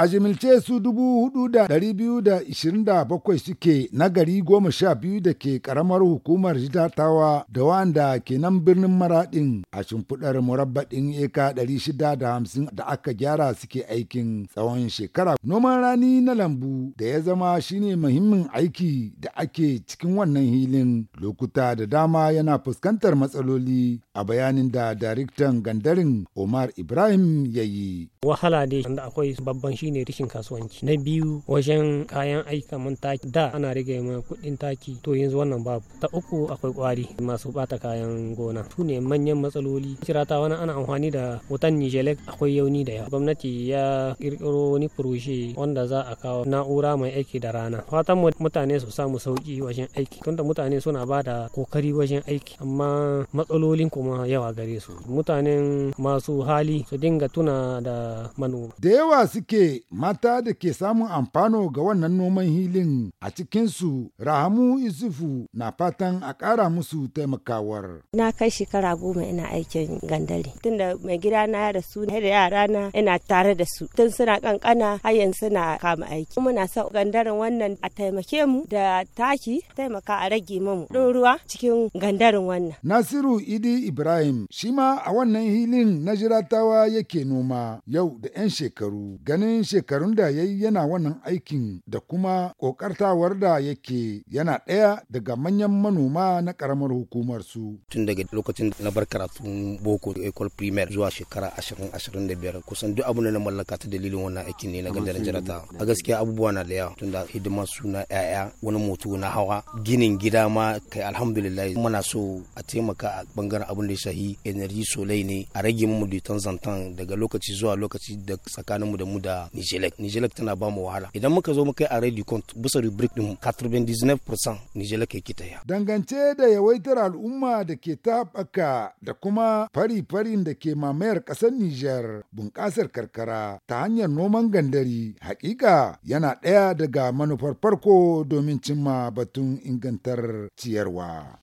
A jimilce su 4,227 suke na gari goma sha biyu da ke karamar hukumar jidatawa da wanda ke nan birnin maraɗin a shimfiɗar murabbaɗin eka 650 da aka gyara suke aikin tsawon shekara. Noman rani na lambu da ya zama shine muhimmin aiki da ake cikin wannan hilin lokuta da dama yana fuskantar matsaloli a bayanin da daraktan gandarin Omar Ibrahim ya yi. Wahala ne akwai babban shi shine rikin kasuwanci na biyu wajen kayan aika mun taki da ana rage ma kudin taki to yanzu wannan babu ta uku akwai kwari masu bata kayan gona su ne manyan matsaloli kirata wani ana amfani da wutan nijelek akwai yauni da yawa gwamnati ya kirkiro wani furoshe wanda za a kawo na'ura mai aiki da rana fatan mutane su samu sauki wajen aiki tunda mutane suna ba da kokari wajen aiki amma matsalolin kuma yawa gare su mutanen masu hali su dinga tuna da manoma da yawa suke mata da ke samun amfano ga wannan noman hilin a cikinsu Rahamu Isufu na fatan a ƙara musu taimakawar. Na kai shekara goma ina aikin tun da mai gida na yara su da yara na ina tare da su. Tun suna kankana har suna kama aiki. Muna sa gandarin wannan a taimake mu da taki taimaka a rage mamu ɗin ruwa cikin gandarin wannan. Nasiru Idi Ibrahim shi ma a wannan hilin na jiratawa yake noma yau da 'yan shekaru ganin cikin shekarun da ya yi yana wannan aikin da kuma ƙoƙartawar da yake yana ɗaya daga manyan manoma na ƙaramar hukumar su. Tun daga lokacin na bar karatun boko ecole primaire zuwa shekara ashirin ashirin da biyar kusan duk abin da na mallaka ta dalilin wannan aikin ne na gandar jarata. A gaskiya abubuwa na da yawa tun da hidima suna ‘ya'ya wani moto na hawa ginin gida ma kai alhamdulillah muna so a taimaka a bangaren abin da ya shahi energy solai ne a rage mu zantan daga lokaci zuwa lokaci da tsakaninmu da mu da Nijelek. Nijelek tana ba mu wahala. Idan muka zo muka yi a Ready Count bisa rubric din 99% Nijelek yake ta ya. Dangance da yawaitar al'umma da ke taɓaka da kuma fari-farin da ke mamayar ƙasar Nijar bunƙasar karkara ta hanyar noman gandari hakika yana ɗaya daga manufar farko domin cimma batun ingantar ciyarwa.